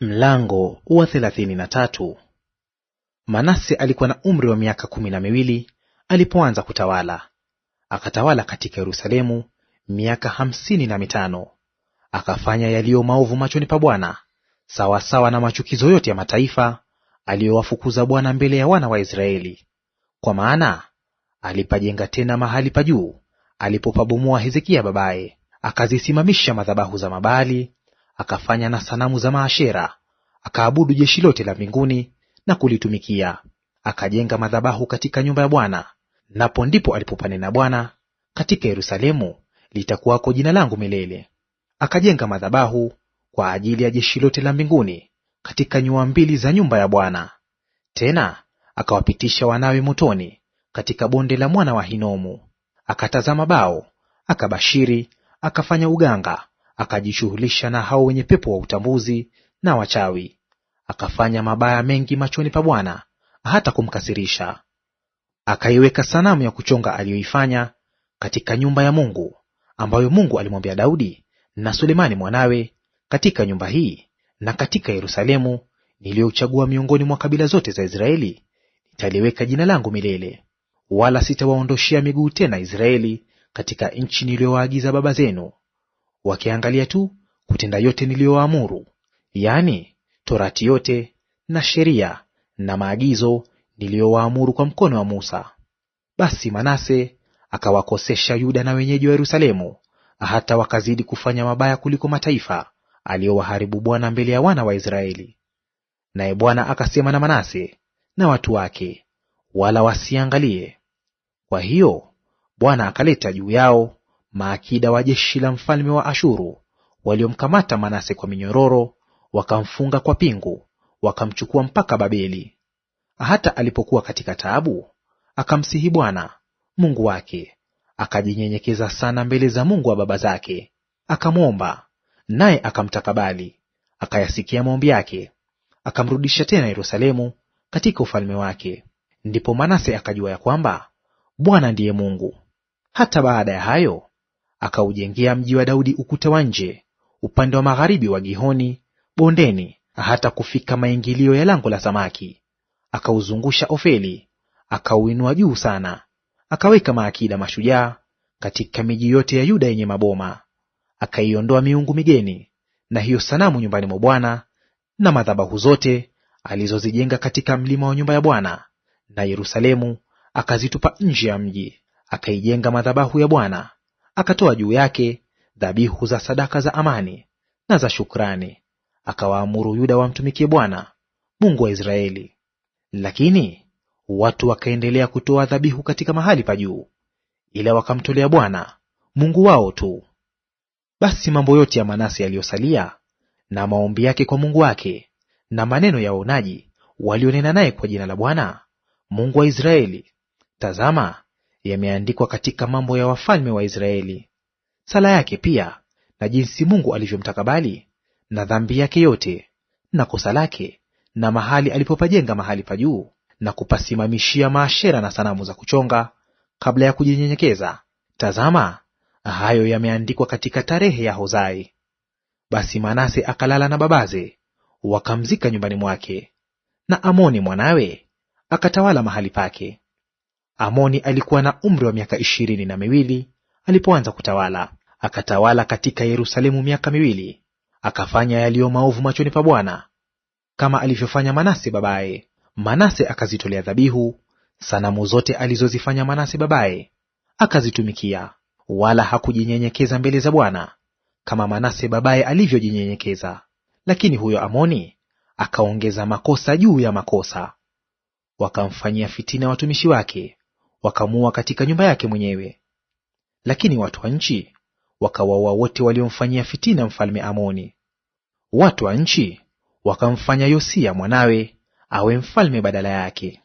Mlango wa thelathini na tatu. Manase alikuwa na umri wa miaka kumi na miwili alipoanza kutawala, akatawala katika Yerusalemu miaka hamsini na mitano. Akafanya yaliyo maovu machoni pa Bwana, sawasawa na machukizo yote ya mataifa aliyowafukuza Bwana mbele ya wana wa Israeli, kwa maana alipajenga tena mahali pa juu alipopabomoa Hezekia babaye, akazisimamisha madhabahu za Mabaali akafanya na sanamu za maashera, akaabudu jeshi lote la mbinguni na kulitumikia. Akajenga madhabahu katika nyumba ya Bwana, napo ndipo alipopanena Bwana, katika Yerusalemu litakuwako jina langu milele. Akajenga madhabahu kwa ajili ya jeshi lote la mbinguni katika nyua mbili za nyumba ya Bwana. Tena akawapitisha wanawe motoni katika bonde la mwana wa Hinomu. Akatazama bao, akabashiri, akafanya uganga, akajishughulisha na hao wenye pepo wa utambuzi na wachawi, akafanya mabaya mengi machoni pa Bwana hata kumkasirisha. Akaiweka sanamu ya kuchonga aliyoifanya katika nyumba ya Mungu, ambayo Mungu alimwambia Daudi na Sulemani mwanawe, katika nyumba hii na katika Yerusalemu niliyochagua miongoni mwa kabila zote za Israeli nitaliweka jina langu milele, wala sitawaondoshea miguu tena Israeli katika nchi niliyowaagiza baba zenu, wakiangalia tu kutenda yote niliyowaamuru, yaani torati yote na sheria na maagizo niliyowaamuru kwa mkono wa Musa. Basi Manase akawakosesha Yuda na wenyeji wa Yerusalemu, hata wakazidi kufanya mabaya kuliko mataifa aliyowaharibu Bwana mbele ya wana wa Israeli. Naye Bwana akasema na Manase na watu wake, wala wasiangalie. Kwa hiyo Bwana akaleta juu yao maakida wa jeshi la mfalme wa Ashuru waliomkamata Manase kwa minyororo, wakamfunga kwa pingu, wakamchukua mpaka Babeli. Hata alipokuwa katika taabu, akamsihi Bwana Mungu wake, akajinyenyekeza sana mbele za Mungu wa baba zake, akamwomba, naye akamtakabali, akayasikia maombi yake, akamrudisha tena Yerusalemu katika ufalme wake. Ndipo Manase akajua ya kwamba Bwana ndiye Mungu. Hata baada ya hayo Akaujengea mji wa Daudi ukuta wa nje upande wa magharibi wa Gihoni bondeni, hata kufika maingilio ya lango la samaki. Akauzungusha Ofeli, akauinua juu sana. Akaweka maakida mashujaa katika miji yote ya Yuda yenye maboma. Akaiondoa miungu migeni na hiyo sanamu nyumbani mwa Bwana na madhabahu zote alizozijenga katika mlima wa nyumba ya Bwana, na Yerusalemu akazitupa nje ya mji. Akaijenga madhabahu ya Bwana akatoa juu yake dhabihu za sadaka za amani na za shukrani, akawaamuru Yuda wamtumikie Bwana Mungu wa Israeli. Lakini watu wakaendelea kutoa dhabihu katika mahali pa juu, ila wakamtolea Bwana Mungu wao tu. Basi mambo yote ya Manase yaliyosalia na maombi yake kwa Mungu wake na maneno ya waonaji walionena naye kwa jina la Bwana Mungu wa Israeli, tazama, yameandikwa katika mambo ya wafalme wa Israeli, sala yake pia, na jinsi Mungu alivyomtakabali, na dhambi yake yote, na kosa lake, na mahali alipopajenga mahali pa juu, na kupasimamishia maashera na sanamu za kuchonga kabla ya kujinyenyekeza. Tazama, hayo yameandikwa katika tarehe ya Hozai. Basi Manase akalala na babaze, wakamzika nyumbani mwake, na Amoni mwanawe akatawala mahali pake. Amoni alikuwa na umri wa miaka ishirini na miwili alipoanza kutawala, akatawala katika Yerusalemu miaka miwili. Akafanya yaliyo maovu machoni pa Bwana kama alivyofanya Manase babaye. Manase akazitolea dhabihu sanamu zote alizozifanya Manase babaye, akazitumikia, wala hakujinyenyekeza mbele za Bwana kama Manase babaye alivyojinyenyekeza. Lakini huyo Amoni akaongeza makosa juu ya makosa. Wakamfanyia fitina watumishi wake, wakamuua katika nyumba yake mwenyewe. Lakini watu wa nchi wakawaua wote waliomfanyia fitina mfalme Amoni. Watu wa nchi wakamfanya Yosia mwanawe awe mfalme badala yake.